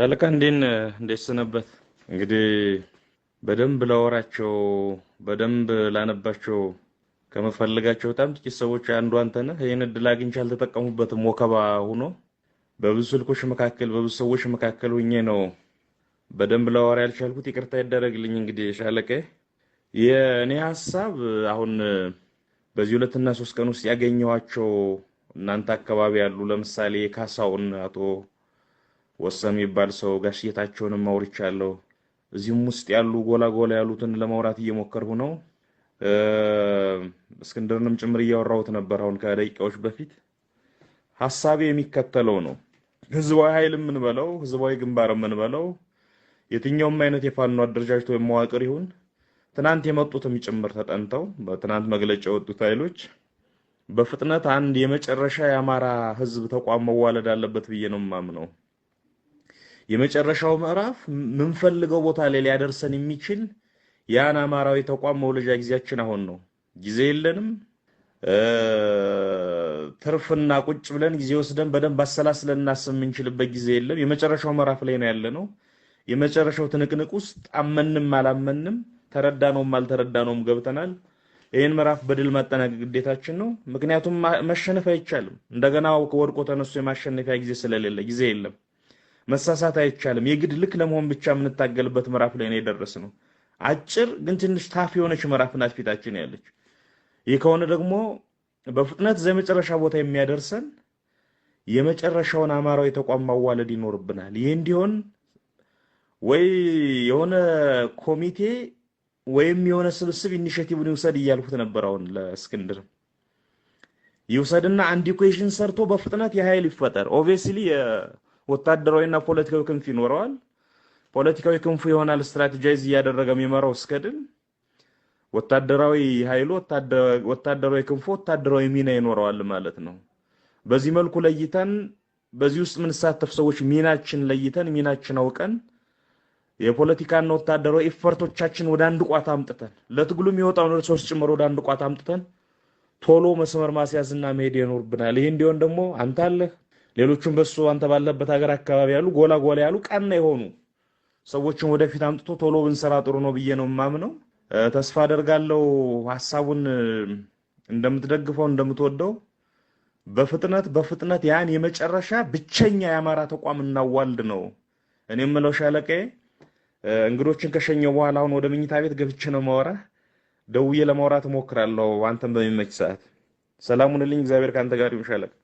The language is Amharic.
ሻለቃ እንዴን እንዴት ሰነበት? እንግዲህ በደንብ ላወራቸው በደንብ ላነባቸው ከመፈልጋቸው በጣም ጥቂት ሰዎች አንዱ አንተ ነህ። ይህን እድል አግኝቼ አልተጠቀሙበትም። ወከባ ሁኖ በብዙ ስልኮች መካከል በብዙ ሰዎች መካከል ሁኜ ነው በደንብ ላወራ ያልቻልኩት። ይቅርታ ይደረግልኝ። እንግዲህ ሻለቀ፣ የእኔ ሀሳብ አሁን በዚህ ሁለትና ሶስት ቀን ውስጥ ያገኘኋቸው እናንተ አካባቢ ያሉ ለምሳሌ ካሳውን አቶ ወሰም የሚባል ሰው ጋሽ ጌታቸውንም አውርቻለሁ። እዚህም ውስጥ ያሉ ጎላጎላ ያሉትን ለማውራት እየሞከርሁ ነው። እስክንድርንም ጭምር እያወራሁት ነበር አሁን ከደቂቃዎች በፊት። ሀሳቤ የሚከተለው ነው። ህዝባዊ ኃይል የምንበለው ህዝባዊ ግንባር የምንበለው የትኛውም አይነት የፋኖ አደረጃጅቶ መዋቅር ይሁን ትናንት የመጡትም ጭምር ተጠንተው በትናንት መግለጫ የወጡት ኃይሎች በፍጥነት አንድ የመጨረሻ የአማራ ህዝብ ተቋም መዋለድ አለበት ብዬ ነው የማምነው። የመጨረሻው ምዕራፍ ምንፈልገው ቦታ ላይ ሊያደርሰን የሚችል ያን አማራዊ ተቋም መውለጃ ጊዜያችን አሁን ነው። ጊዜ የለንም። ትርፍና ቁጭ ብለን ጊዜ ወስደን በደንብ አሰላስለን እናስብ የምንችልበት ጊዜ የለም። የመጨረሻው ምዕራፍ ላይ ነው ያለ ነው። የመጨረሻው ትንቅንቅ ውስጥ አመንም አላመንም ተረዳነውም አልተረዳነውም ገብተናል። ይህን ምዕራፍ በድል ማጠናቀቅ ግዴታችን ነው። ምክንያቱም መሸነፍ አይቻልም። እንደገና ወድቆ ተነሱ የማሸነፊያ ጊዜ ስለሌለ ጊዜ የለም። መሳሳት አይቻልም። የግድ ልክ ለመሆን ብቻ የምንታገልበት ምዕራፍ ላይ ነው የደረስ ነው። አጭር ግን ትንሽ ታፍ የሆነች ምዕራፍ ናት ፊታችን ያለች። ይህ ከሆነ ደግሞ በፍጥነት ዘመጨረሻ ቦታ የሚያደርሰን የመጨረሻውን አማራዊ ተቋም ማዋለድ ይኖርብናል። ይህ እንዲሆን ወይ የሆነ ኮሚቴ ወይም የሆነ ስብስብ ኢኒሽቲቭን ይውሰድ እያልኩት ነበር። አሁን ለእስክንድርም ይውሰድና አንድ ኢኩዌሽን ሰርቶ በፍጥነት የኃይል ይፈጠር ኦብቪየስሊ ወታደራዊና ፖለቲካዊ ክንፍ ይኖረዋል። ፖለቲካዊ ክንፉ ይሆናል ስትራቴጃይዝ እያደረገ የሚመራው እስከ ድል። ወታደራዊ ኃይሉ ወታደራዊ ክንፉ ወታደራዊ ሚና ይኖረዋል ማለት ነው። በዚህ መልኩ ለይተን በዚህ ውስጥ የምንሳተፍ ሰዎች ሚናችን ለይተን ሚናችን አውቀን የፖለቲካና ወታደራዊ ኢፈርቶቻችን ወደ አንድ ቋት አምጥተን ለትግሉ የሚወጣውን ሪሶርስ ጭምር ወደ አንድ ቋት አምጥተን ቶሎ መስመር ማስያዝና መሄድ ይኖርብናል። ይህ እንዲሆን ደግሞ አንተ አለህ፣ ሌሎቹም በሱ አንተ ባለበት ሀገር አካባቢ ያሉ ጎላ ጎላ ያሉ ቀና የሆኑ ሰዎችን ወደፊት አምጥቶ ቶሎ ብንሰራ ጥሩ ነው ብዬ ነው የማምነው። ተስፋ አደርጋለሁ ሀሳቡን እንደምትደግፈው እንደምትወደው። በፍጥነት በፍጥነት ያን የመጨረሻ ብቸኛ የአማራ ተቋም እናዋልድ ነው እኔ የምለው። ሻለቃዬ እንግዶችን ከሸኘው በኋላ አሁን ወደ መኝታ ቤት ገብቼ ነው የማወራህ። ደውዬ ለማውራት እሞክራለሁ አንተም በሚመች ሰዓት። ሰላሙን ልኝ። እግዚአብሔር ከአንተ ጋር ይሁን ሻለቃ።